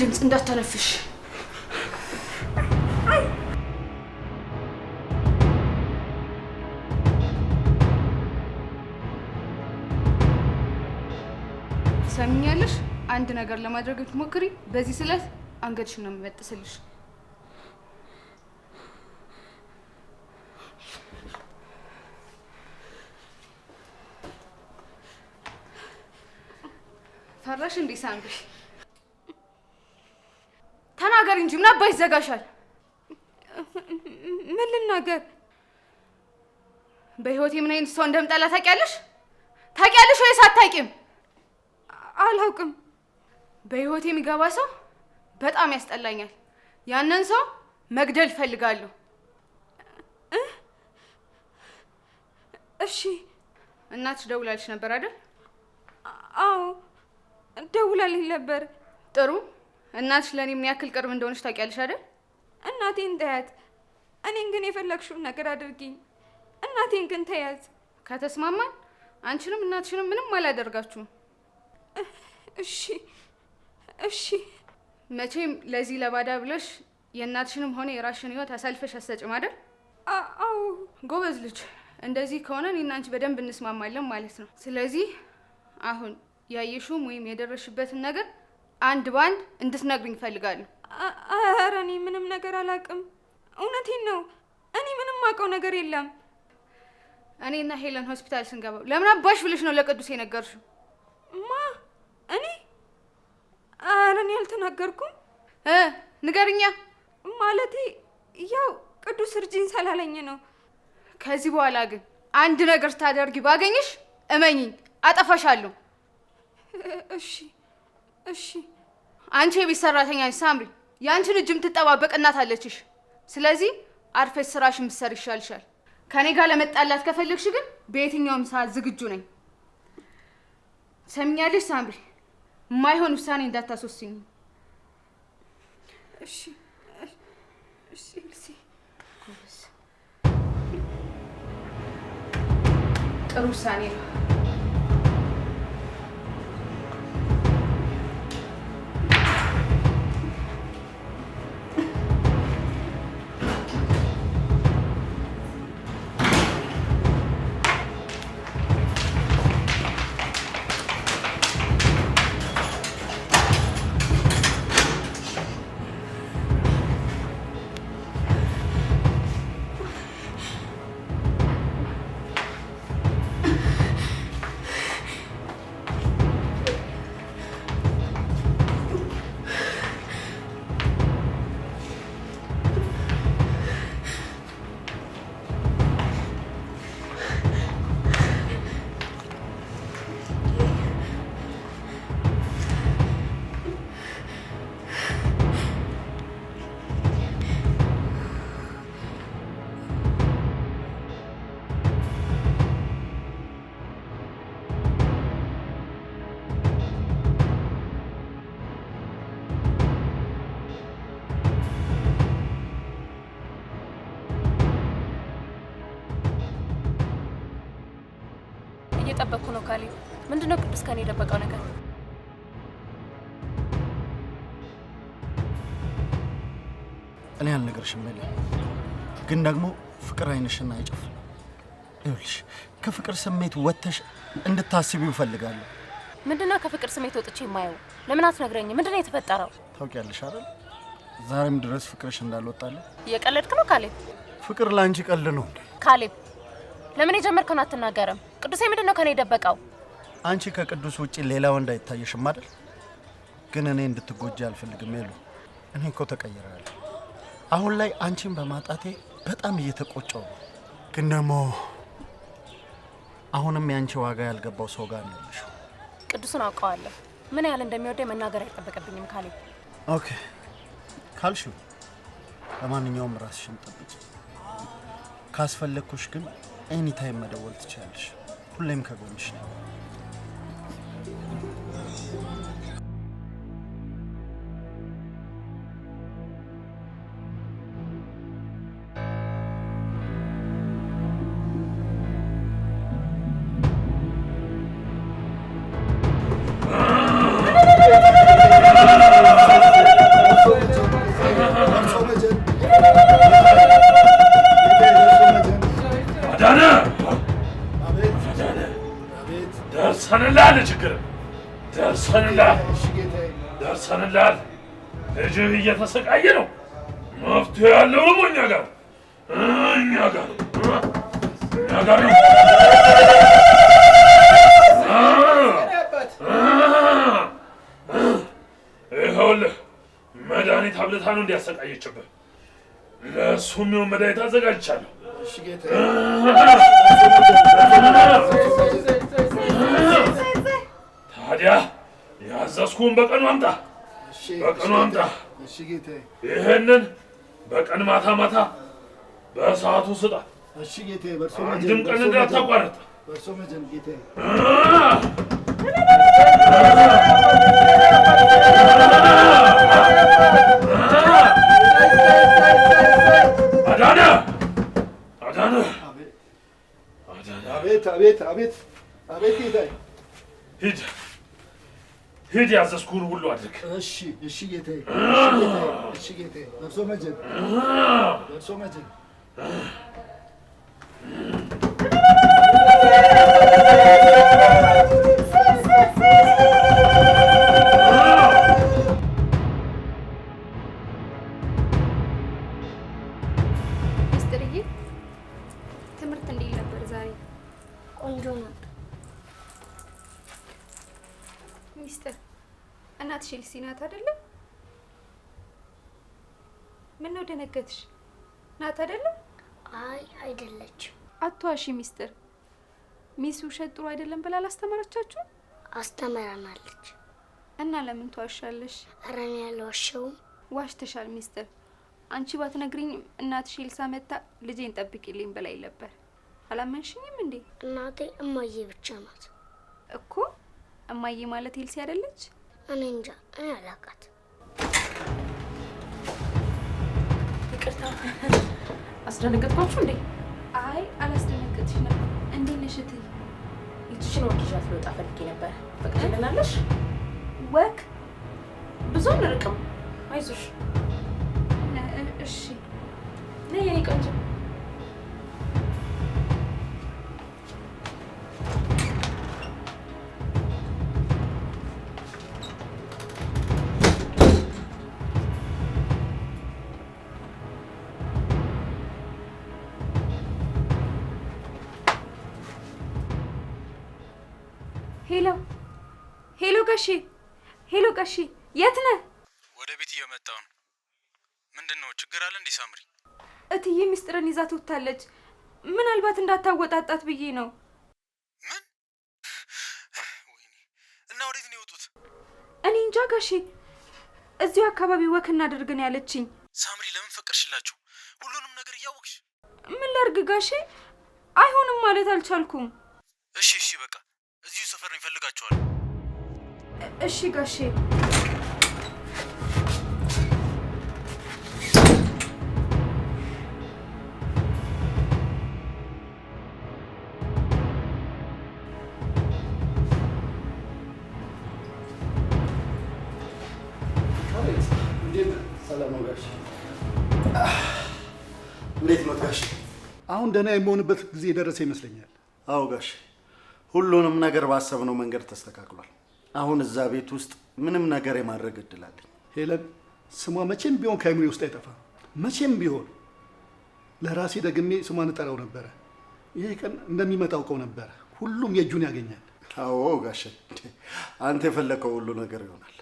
ድምፅ እንዳታነፍሽ። ሰምኛለሽ? አንድ ነገር ለማድረግ ብትሞክሪ በዚህ ስለት አንገትሽን ነው የምበጥስልሽ። ፈራሽ እንዴ ሳምሪ? ተናገሪ እንጂ ምን አባይ ይዘጋሻል? ምን ልናገር? በህይወቴ ምን አይነት ሰው እንደምጠላ ታውቂያለሽ? ታውቂያለሽ ወይስ አታውቂም? አላውቅም። በህይወቴ የሚገባ ሰው በጣም ያስጠላኛል። ያንን ሰው መግደል እፈልጋለሁ። እሺ። እናትሽ ደውላልሽ ነበር አይደል? አዎ ደውላልኝ ነበር። ጥሩ እናትሽ ለእኔ ምን ያክል ቅርብ እንደሆነች ታውቂያለሽ አይደል? እናቴን ተያት። እኔን ግን የፈለግሽውን ነገር አድርጊኝ። እናቴን ግን ተያዝ። ከተስማማን አንቺንም እናትሽንም ምንም አላደርጋችሁም። እሺ እሺ። መቼም ለዚህ ለባዳ ብለሽ የእናትሽንም ሆነ የራሽን ህይወት አሳልፈሽ አትሰጭም አይደል? አዎ። ጎበዝ ልጅ። እንደዚህ ከሆነ እኔና አንቺ በደንብ እንስማማለን ማለት ነው። ስለዚህ አሁን ያየሽውም ወይም የደረሽበትን ነገር አንድ ባንድ እንድትነግሪኝ እፈልጋለሁ። አረ እኔ ምንም ነገር አላውቅም። እውነቴን ነው። እኔ ምንም አውቀው ነገር የለም። እኔ እና ሄለን ሆስፒታል ስንገባው ለምን አባሽ ብለሽ ነው ለቅዱስ የነገርሽው? ማ እኔ? ኧረ እኔ አልተናገርኩም። ንገርኛ። ማለቴ ያው ቅዱስ እርጅኝ ስላለኝ ነው። ከዚህ በኋላ ግን አንድ ነገር ስታደርጊ ባገኝሽ እመኝኝ፣ አጠፋሻለሁ። እሺ እሺ አንቺ የቤት ሰራተኛ ሳምሪ፣ የአንቺን እጅ የምትጠባበቅ እናት አለችሽ። ስለዚህ አርፈሽ ስራሽ ምሰር ይሻልሻል። ከኔ ጋር ለመጣላት ከፈለግሽ ግን በየትኛውም ሰዓት ዝግጁ ነኝ። ሰሚኛለሽ ሳምሪ፣ የማይሆን ውሳኔ እንዳታስወስኝ። እሺ። ጥሩ ውሳኔ ነው። እየጠበቅኩ ነው። ምንድን ምንድነው ቅዱስ ከኔ የደበቀው ነገር? እኔ አልነገርሽም ሜሊ፣ ግን ደግሞ ፍቅር አይንሽና አይጨፍ ይኸውልሽ ከፍቅር ስሜት ወጥተሽ እንድታስቢው እፈልጋለሁ። ምንድነው ከፍቅር ስሜት ወጥቼ የማየው? ለምን አትነግረኝ? ምንድነው የተፈጠረው? ታውቂያለሽ አይደል ዛሬም ድረስ ፍቅርሽ እንዳልወጣለ። እየቀለድክ ነው ካሌብ። ፍቅር ለአንቺ ቀልድ ነው እንዴ? ካሌብ ለምን የጀመርከውን አትናገርም? ቅዱሴ ምንድን ነው ከኔ የደበቀው? አንቺ ከቅዱስ ውጪ ሌላ ወንድ አይታየሽም አይደል? ግን እኔ እንድትጎጂ አልፈልግም ሄሉ። እኔ እኮ ተቀይሬያለሁ። አሁን ላይ አንቺን በማጣቴ በጣም እየተቆጨው ነው። ግን ደግሞ አሁንም የአንቺ ዋጋ ያልገባው ሰው ጋር ነው ያለሽው። ቅዱስን አውቀዋለሁ። ምን ያህል እንደሚወደኝ መናገር አይጠበቅብኝም። ካሌ ኦኬ ካልሽው፣ ለማንኛውም ራስሽን ጠብቂ። ካስፈለግኩሽ ግን ኤኒታይም መደወል ትችላለሽ። ሁሌም ከጎንሽ ነው። ደርሰንላል፣ ችግር ደርሰንላል፣ ደርሰንላል። ልጅህ እየተሰቃየ ነው። መፍትሄ ያለው ደግሞ እኛ ጋር እኛ ጋር እኛ ጋር ነው። ይኸውልህ መድኃኒት አብልታ ነው እንዲያሰቃየችብህ። ለእሱ የሚሆን መድኃኒት አዘጋጅቻለሁ። ታዲያ ያዘዝኩህን በቀኑ አምጣ፣ በቀኑ አምጣ። ይህንን በቀን ማታ ማታ በሰዓቱ ስጣት። አንድም ቀን እንዳታቋረጥ። አዳነ አዳነ አቤት አቤት አቤት አቤት ጌታዬ ሂድ ያዘዝኩህን ሁሉ አድርግ። እሺ፣ እሺ ጌታዬ፣ እሺ ጌታዬ፣ እሺ ጌታዬ። ነፍሶ መጀን፣ ነፍሶ መጀን እናትሽ ኤልሲ ናት አይደለም? ምን ነው ደነገጥሽ? ናት አይደለም? አይ አይደለችም። አትዋሺ ሚስጥር ሚስ ውሸት ጥሩ አይደለም ብላ አላስተማረቻችሁ? አስተምራናለች። እና ለምን ትዋሻለሽ? ኧረ እኔ አልዋሸሁም። ዋሽተሻል ሚስጥር። አንቺ ባትነግሪኝ እናትሽ ኤልሳ መታ ልጄን ጠብቂልኝ ብላኝ ነበር። አላመንሽኝም እንዴ? እናቴ እማዬ ብቻ ናት እኮ። እማዬ ማለት ኤልሲ አይደለች? እኔ እንጃ፣ እኔ አላውቃት። ይቅርታ አስደነገጥኳችሁ እንዴ? አይ አላስደነገጥሽ ነበር። እንዴት ነሽ እትዬ? ይቺን ወግ ልወጣ ፈልጌ ነበር። ፈቅድልናለሽ? ወግ ብዙ አንርቅም። አይዞሽ። እሺ ነይ የኔ ቆንጆ ቀሺ፣ ሄሎ ቀሺ፣ የት ነህ? ወደ ቤት እየመጣሁ ነው። ምንድን ነው ችግር አለ? እንዲህ ሳምሪ፣ እትዬ ሚስጥርን ይዛ ትወታለች። ምናልባት እንዳታወጣጣት ብዬ ነው። ምን? ወይኔ! እና ወዴት ነው የወጡት? እኔ እንጃ ጋሼ፣ እዚሁ አካባቢ ወክ እናደርግን ያለችኝ። ሳምሪ፣ ለምን ፈቀድሽላቸው? ሁሉንም ነገር እያወቅሽ ምን ላርግ ጋሼ? አይሆንም ማለት አልቻልኩም። እሺ፣ እሺ፣ በቃ እዚሁ ሰፈር ነው ይፈልጋቸዋል። እሺ ጋሼ። እንዴት ደና ጋሽ? አሁን ደህና የመሆንበት ጊዜ ደረሰ ይመስለኛል። አዎ ጋሽ፣ ሁሉንም ነገር ባሰብነው መንገድ ተስተካክሏል። አሁን እዛ ቤት ውስጥ ምንም ነገር የማድረግ እድል አለኝ። ሄለን ስሟ መቼም ቢሆን ከአይምሬ ውስጥ አይጠፋ። መቼም ቢሆን ለራሴ ደግሜ ስሟን እጠራው ነበረ። ይሄ ቀን እንደሚመጣ አውቀው ነበረ። ሁሉም የእጁን ያገኛል። አዎ ጋሸ፣ አንተ የፈለከው ሁሉ ነገር ይሆናል።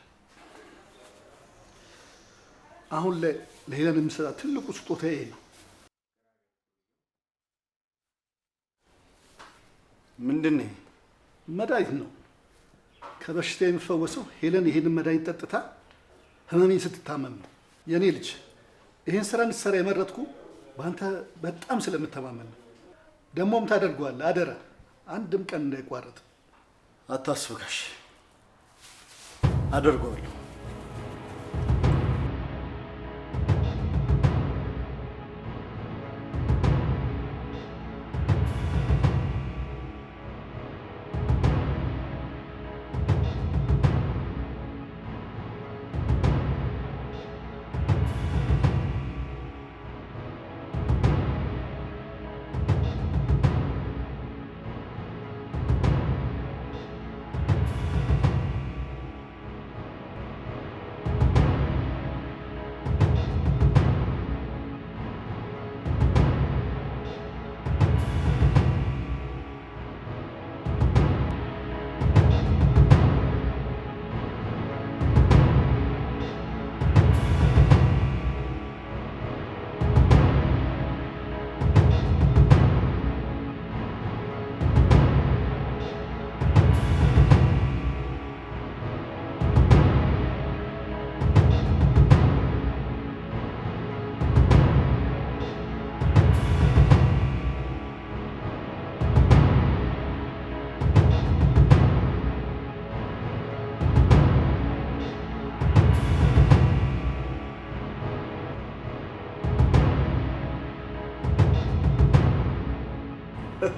አሁን ላይ ለሄለን የምሰጣት ትልቁ ስጦታ ይሄ ነው። ምንድን ነው? መድኃኒት ነው ከበሽታ የሚፈወሰው ሄለን ይሄንን መድኃኒት ጠጥታ ህመሜን ስትታመም ነው። የእኔ ልጅ ይህን ስራ እንድትሰራ የመረጥኩ በአንተ በጣም ስለምተማመን ነው። ደግሞም ታደርገዋለህ። አደራ አንድም ቀን እንዳይቋረጥ አታስብ ጋሽ። አደርገዋለሁ።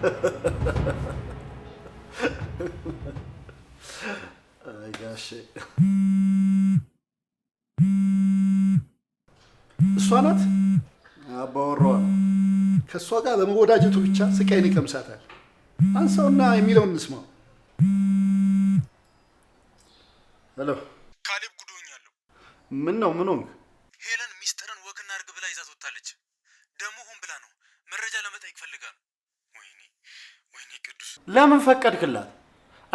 I got shit. እሷ ናት አባወራዋ ከእሷ ጋር በመወዳጀቱ ብቻ ስቃይን ይቀምሳታል። አንሳውና የሚለውን እንስማው። ሄሎ ካሌብ፣ ጉድ ሆኛለሁ። ምን ነው ምን ሆንክ? ሄለን ሚስጥርን ወክና እርግ ብላ ይዛት ወጥታለች። ደግሞ ሆን ብላ ነው መረጃ ለመጠየቅ ፈልጋ ነው። ወይኔ ወይኔ ቅዱስ፣ ለምን ፈቀድክላት?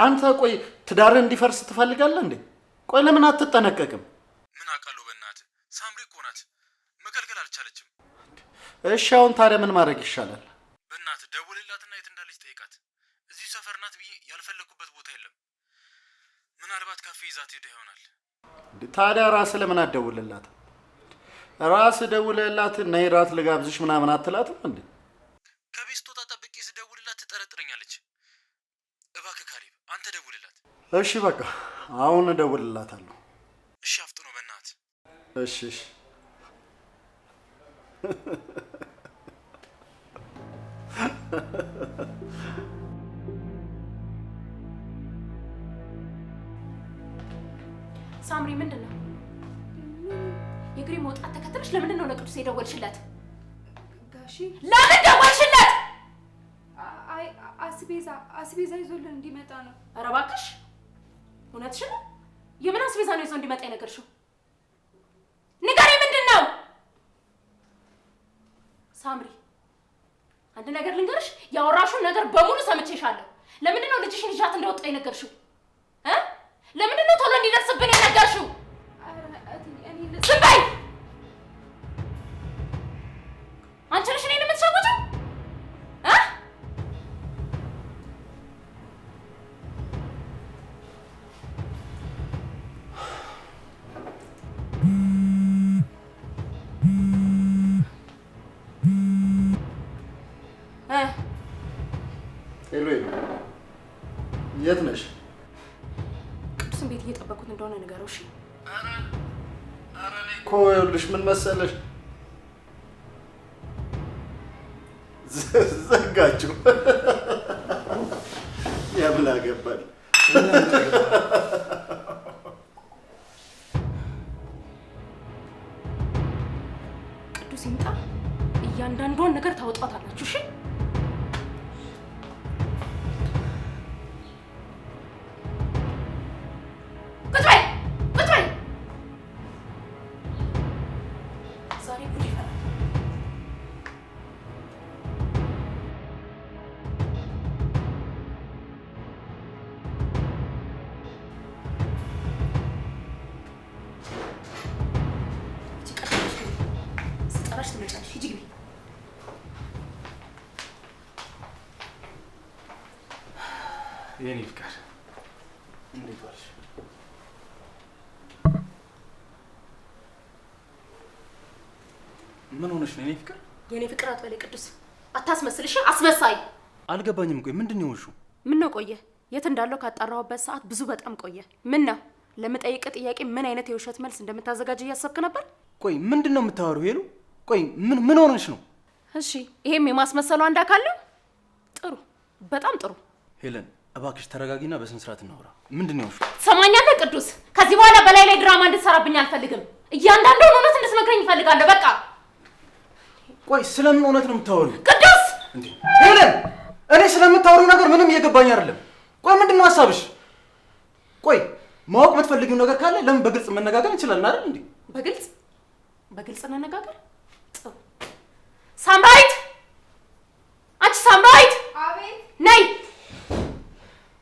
አንተ ቆይ ትዳር እንዲፈርስ ትፈልጋለህ እንዴ? ቆይ ለምን አትጠነቀቅም? ምን አውቃለሁ። በእናት ሳምሪ እኮ ናት፣ መገልገል አልቻለችም። እሺ አሁን ታዲያ ምን ማድረግ ይሻላል? በእናትህ ደውልላትና የት እንዳለች ጠይቃት። እዚሁ ሰፈር ናት ብዬ ያልፈለግኩበት ቦታ የለም። ምናልባት ካፌ ይዛት ሄደ ይሆናል። ታዲያ ራስ ለምን አትደውልላትም? ራስ ደውልላት እና ልጋብዝሽ ምናምን አትላትም እንዴ? እሺ በቃ አሁን እደውልላታለሁ። እሺ አፍጥኖ በእናትህ። እሺ እሺ። ሳምሪ ምንድን ነው የግሪ መውጣት ተከትለሽ ለምንድን ነው ለቅዱስ የደወልሽለት? ጋሺ ለምን ደወልሽለት? አይ አስቤዛ አስቤዛ ይዞልን እንዲመጣ ነው። ኧረ እባክሽ እውነትሽ ነው? የምን አስቤዛ ነው ይዞ እንዲመጣ የነገርሽው? ንገሪ፣ ምንድን ነው ሳምሪ? አንድ ነገር ልንገርሽ፣ ያወራሽውን ነገር በሙሉ ሰምቼሻለሁ። ለምንድን ነው ልጅሽን ይዣት እንደወጣ የነገርሽው? ለምንድን ነው ቶሎ እንዲደርስብን የነገርሽው? የት ነሽ? ቅዱስን ቤት እየጠበኩት እንደሆነ ንገረው። እሺ እኮ ይኸውልሽ ምን መሰለሽ ሆነሽ ነው? የኔ ፍቅር የኔ ፍቅር አትበለኝ ቅዱስ፣ አታስመስልሽ። አስመሳይ አልገባኝም። ቆይ ምንድን ነው የሆንሽው? ምን ነው ቆየ የት እንዳለው ካጣራሁበት ሰዓት ብዙ በጣም ቆየ። ምን ነው ለምጠይቅ ጥያቄ ምን አይነት የውሸት መልስ እንደምታዘጋጅ እያሰብክ ነበር? ቆይ ምንድን ነው የምታወሪው ሄሉ? ቆይ ምን ምን ሆነሽ ነው? እሺ ይሄም የማስመሰሉ አንድ አካል ነው። ጥሩ በጣም ጥሩ። ሄለን እባክሽ ተረጋጊና በስነ ስርዓት እናውራ። ምንድን ነው የሆንሽው? ትሰማኛለህ ቅዱስ? ከዚህ በኋላ በላይ ላይ ድራማ እንድትሰራብኝ አልፈልግም። እያንዳንዱን እውነት እንድትነግረኝ እፈልጋለሁ። በቃ ቆይ ስለምን እውነት ነው የምታወሪው? ቅዱስ ሄለን፣ እኔ ስለምታወሪው ነገር ምንም እየገባኝ አይደለም። ቆይ ምንድን ነው ሀሳብሽ? ቆይ ማወቅ የምትፈልጊው ነገር ካለ ለምን በግልጽ መነጋገር እንችላለን አይደል? እንዴ በግልጽ በግልጽ መነጋገር ጥሩ። ሳምራዊት፣ አንቺ ሳምራዊት፣ ነይ።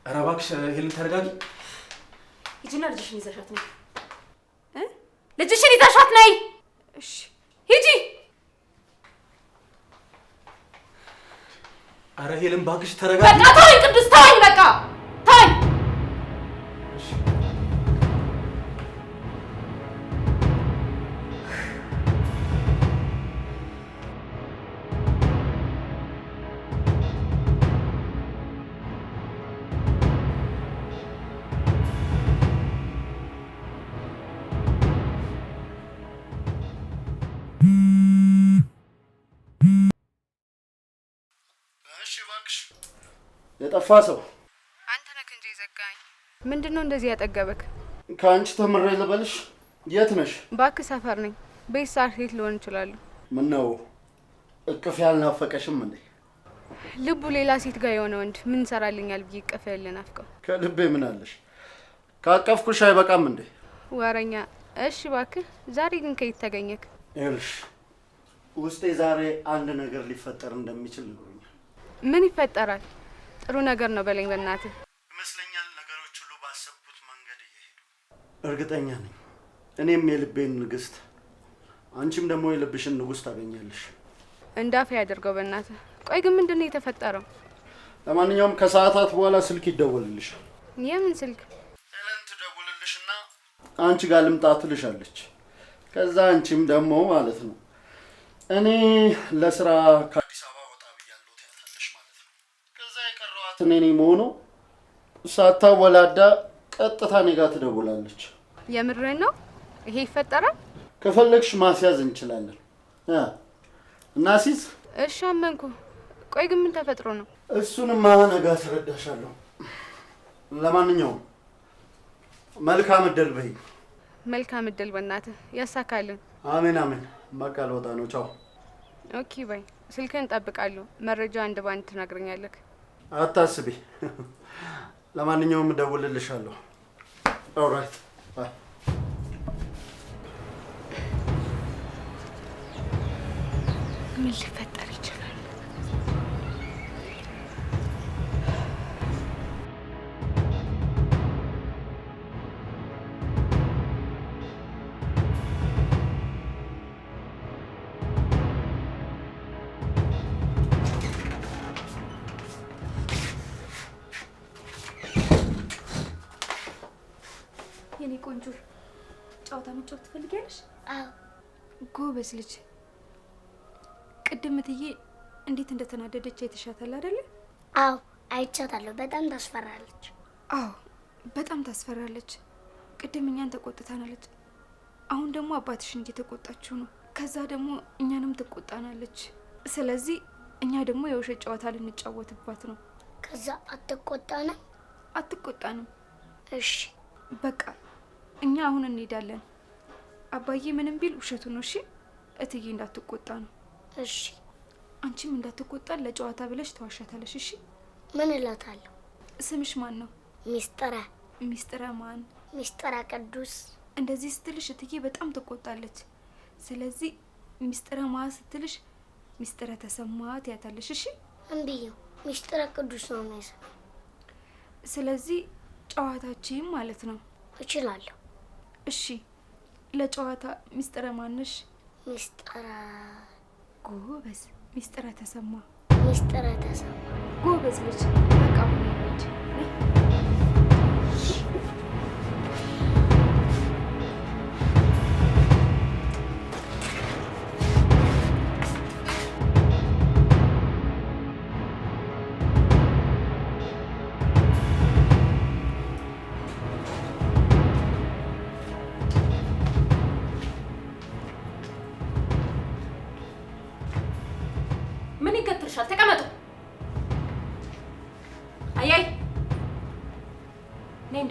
ኧረ እባክሽ ሄለን ተረጋጊ። ሂጂና ልጅሽን ይዘሻት ነይ። ልጅሽን ይዘሻት ነይ። እሺ ሂጂ አረ ሄለን እባክሽ ተረጋጊ። በቃ ተወኝ ቅዱስ ተወኝ በቃ የጠፋ ሰው አንተ ነህ እንጂ ዘጋኝ። ምንድን ነው እንደዚህ ያጠገበክ? ከአንቺ ተምሬ ልበልሽ። የት ነሽ? ባክ ሰፈር ነኝ። ቤት ሰዓት ሴት ልሆን እችላለሁ። ምን ነው እቅፍ ያልናፈቀሽም እንዴ? ልቡ ሌላ ሴት ጋር የሆነ ወንድ ምን ሰራልኛል ብዬ እቅፍ ያልናፍቀው። ከልቤ ምን አለሽ? ካቀፍኩሽ አይበቃም እንዴ? ወረኛ። እሺ ባክ ዛሬ ግን ከየት ተገኘክ? ይኸውልሽ ውስጤ ዛሬ አንድ ነገር ሊፈጠር እንደሚችል ነግሮኛል። ምን ይፈጠራል? ጥሩ ነገር ነው በለኝ በእናትህ። ይመስለኛል ነገሮች ሁሉ ባሰብኩት መንገድ እየሄዱ እርግጠኛ ነኝ። እኔም የልቤን ንግስት፣ አንቺም ደግሞ የልብሽን ንጉስ ታገኛለሽ። እንዳፍ ያደርገው በእናት። ቆይ ግን ምንድን ነው የተፈጠረው? ለማንኛውም ከሰዓታት በኋላ ስልክ ይደወልልሽ? የምን ስልክ? ሄለን ትደውልልሽና አንቺ ጋር ልምጣ ትልሻለች። ከዛ አንቺም ደግሞ ማለት ነው እኔ ለስራ እኔ ነኝ መሆኑ ሳታወላዳ ቀጥታ እኔ ጋር ትደውላለች። የምሬን ነው። ይሄ ይፈጠራል። ከፈለግሽ ማስያዝ እንችላለን። እና ሲዝ እሺ፣ አመንኩ። ቆይ ግን ምን ተፈጥሮ ነው? እሱንማ ነገ አስረዳሻለሁ። ለማንኛውም መልካም እድል በይ። መልካም እድል በእናትህ ያሳካልን። አሜን አሜን። በቃ ልወጣ ነው። ቻው። ኦኬ ባይ። ስልክህን እንጠብቃለሁ። መረጃ አንድ ባንድ ትነግረኛለህ። አታስቢ። ለማንኛውም እደውልልሻለሁ። ኦራይት ምን ሊፈጠ መጫወት ትፈልጊያለሽ? አዎ። ጎበዝ ልጅ። ቅድም እትዬ እንዴት እንደተናደደች አይተሻታል አይደለ? አዎ አይቻታለሁ። በጣም ታስፈራለች። አዎ በጣም ታስፈራለች። ቅድም እኛን ተቆጥታናለች። አሁን ደግሞ አባትሽ እንጂ ተቆጣችሁ ነው። ከዛ ደግሞ እኛንም ትቆጣናለች። ስለዚህ እኛ ደግሞ የውሸት ጨዋታ ልንጫወትባት ነው። ከዛ አትቆጣንም? አትቆጣንም። እሺ በቃ እኛ አሁን እንሄዳለን። አባዬ ምንም ቢል ውሸቱ ነው። እሺ እትዬ እንዳትቆጣ ነው። እሺ አንቺም እንዳትቆጣ ለጨዋታ ብለሽ ተዋሻታለሽ። እሺ ምን እላታለሁ? ስምሽ ማን ነው? ሚስጥረ ሚስጥረ ማን? ሚስጥረ ቅዱስ። እንደዚህ ስትልሽ እትዬ በጣም ትቆጣለች። ስለዚህ ሚስጥረ ማ ስትልሽ ሚስጥረ ተሰማ ትያታለሽ። እሺ እንብየው ሚስጥረ ቅዱስ ነው ነው። ስለዚህ ጨዋታችን ማለት ነው። እችላለሁ። እሺ ለጨዋታ ሚስጥረ ማነሽ? ሚስጥረ ጎበዝ። ሚስጥረ ተሰማ። ሚስጥረ ተሰማ ጎበዝ ልጅ። በቃ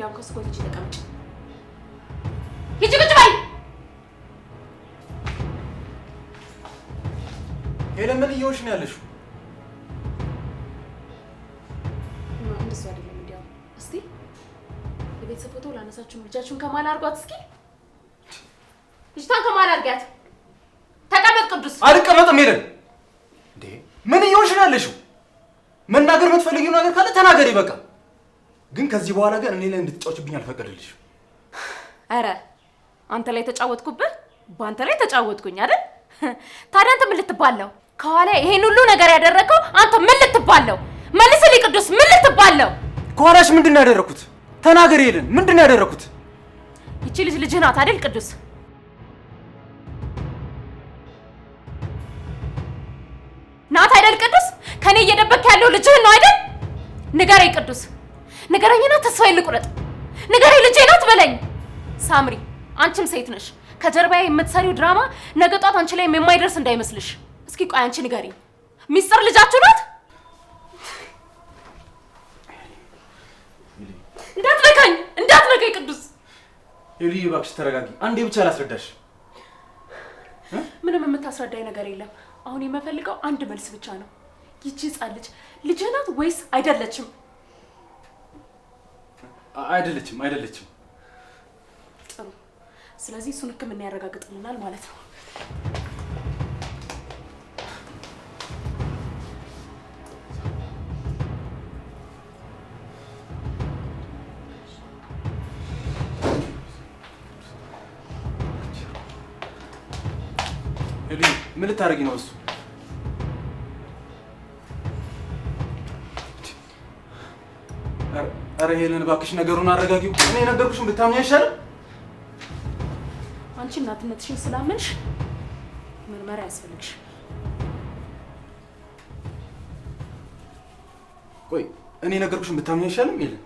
እንዲያውም ከስኮት እጅ ተቀምጭ ሂጅ በይ። ሄለን ምን እየሆንሽ ነው ያለሽው? እንደሱ ፎቶ ልጃችሁን ከማል አድርጓት እስኪ ልጅቷን ከማል አድርጊያት። ተቀመጥ ቅዱስ። አልቀመጥም። ሄለን እንዴ ምን እየሆንሽ ነው ያለሽው? መናገር የምትፈልጊው ነገር ካለ ተናገሪ በቃ። ግን ከዚህ በኋላ ግን እኔ ላይ እንድትጫወችብኝ አልፈቀድልሽም። አረ አንተ ላይ ተጫወትኩብህ፣ በአንተ ላይ ተጫወትኩኝ አይደል? ታዲያ አንተ ምን ልትባለው? ከኋላ ይሄን ሁሉ ነገር ያደረገው አንተ ምን ልትባለው? መልስልኝ ቅዱስ፣ ምን ልትባለው? ከኋላሽ ምንድን ነው ያደረኩት? ተናገር ሄለን፣ ምንድን ነው ያደረኩት? ይቺ ልጅ ልጅህ ናት አይደል ቅዱስ? ናት አይደል ቅዱስ? ከኔ እየደበክ ያለው ልጅህን ነው አይደል? ንገረኝ ቅዱስ ንገረኝና ተስፋዬን ልቁረጥ። ንገረኝ፣ ልጄ ናት በለኝ። ሳምሪ፣ አንቺም ሴት ነሽ። ከጀርባ የምትሰሪው ድራማ ነገ ጧት አንቺ ላይም የማይደርስ እንዳይመስልሽ። እስኪ ቆይ አንቺ ንገሪኝ፣ ሚስጥር ልጃችሁ ናት? እንዳትነካኝ፣ እንዳትነካኝ ቅዱስ። ይኸውልህ እባክሽ ተረጋጊ። አንዴ ብቻ ላስረዳሽ። ምንም የምታስረዳኝ ነገር የለም። አሁን የምፈልገው አንድ መልስ ብቻ ነው። ይቺ ህጻን ልጅ ልጅህ ናት ወይስ አይደለችም? አይደለችም አይደለችም። ጥሩ። ስለዚህ እሱን ሕክምና ያረጋግጥልናል ማለት ነው። ምን ልታደርጊ ነው እሱ ኧረ ሄለን እባክሽ ነገሩን አረጋጊው። እኔ የነገርኩሽን ብታምኚ አይሻልም? አንቺ እናትነትሽን ስላመንሽ ምርመራ ያስፈልግሽ። ቆይ እኔ የነገርኩሽን ብታምኚ አይሻልም? ሄለን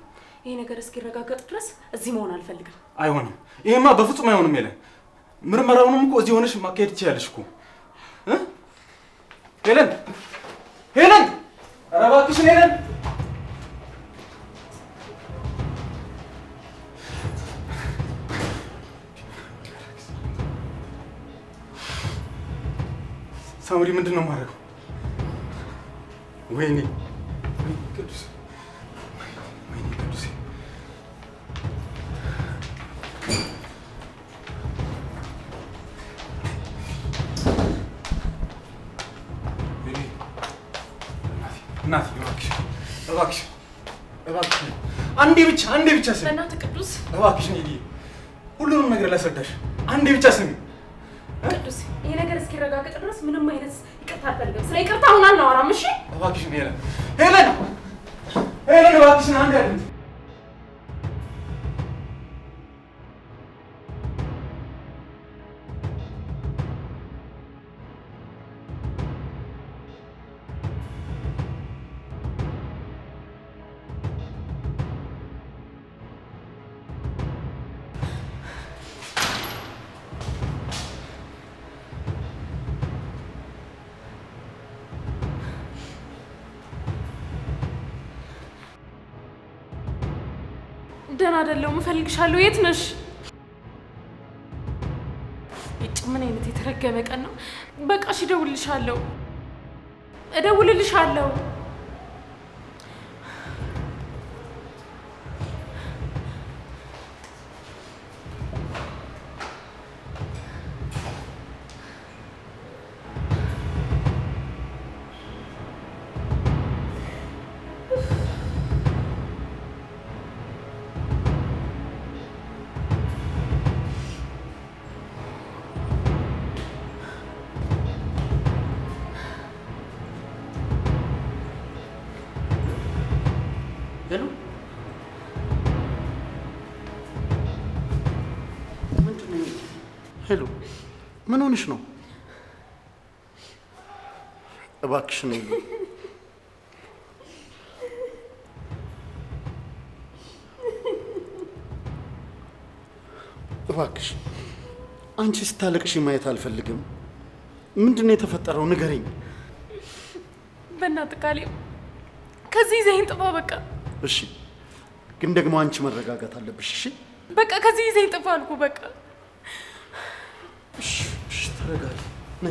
ይሄ ነገር እስኪረጋገጥ ድረስ እዚህ መሆን አልፈልግም። አይሆንም፣ ይሄማ በፍጹም አይሆንም። ሄለን ምርመራውንም እኮ እዚህ ሆነሽ ማካሄድ ትችያለሽ እኮ ሄለን ሄለን፣ ኧረ እባክሽን ሄለን ሳምሪ ምንድን ነው ማድረገው? ወይኔ ቅዱስ አንዴ ብቻ አንዴ ብቻ ስሚ፣ በእናትህ ቅዱስ እባክሽ፣ ሁሉንም ነገር ላስረዳሽ። አንዴ ብቻ ስሚ ቅዱስ ይሄ ነገር እስኪረጋገጥ ድረስ ምንም አይነት ይቅርታ አልፈልግም። ስለ ይቅርታ አሁን አናወራም። እሺ እባክሽን ሄለን፣ ሄለን፣ ሄለን እባክሽን አንድ ደህና አይደለሁም። እፈልግሻለሁ። የት ነሽ? ምን አይነት የተረገመ ቀን ነው። በቃ እሺ፣ እደውልልሻለሁ፣ እደውልልሻለሁ። ሄሎ፣ ምን ሆንሽ ነው? እባክሽ ነው እባክሽ አንቺ ስታለቅሽ ማየት አልፈልግም። ምንድን ነው የተፈጠረው? ንገረኝ በእናትህ ካሌብ፣ ከዚህ ይዘኸኝ ጥፋ በቃ። እሺ፣ ግን ደግሞ አንቺ መረጋጋት አለብሽ። እሺ፣ በቃ ከዚህ ይዘኸኝ ጥፋ አልኩ። በቃ። 那。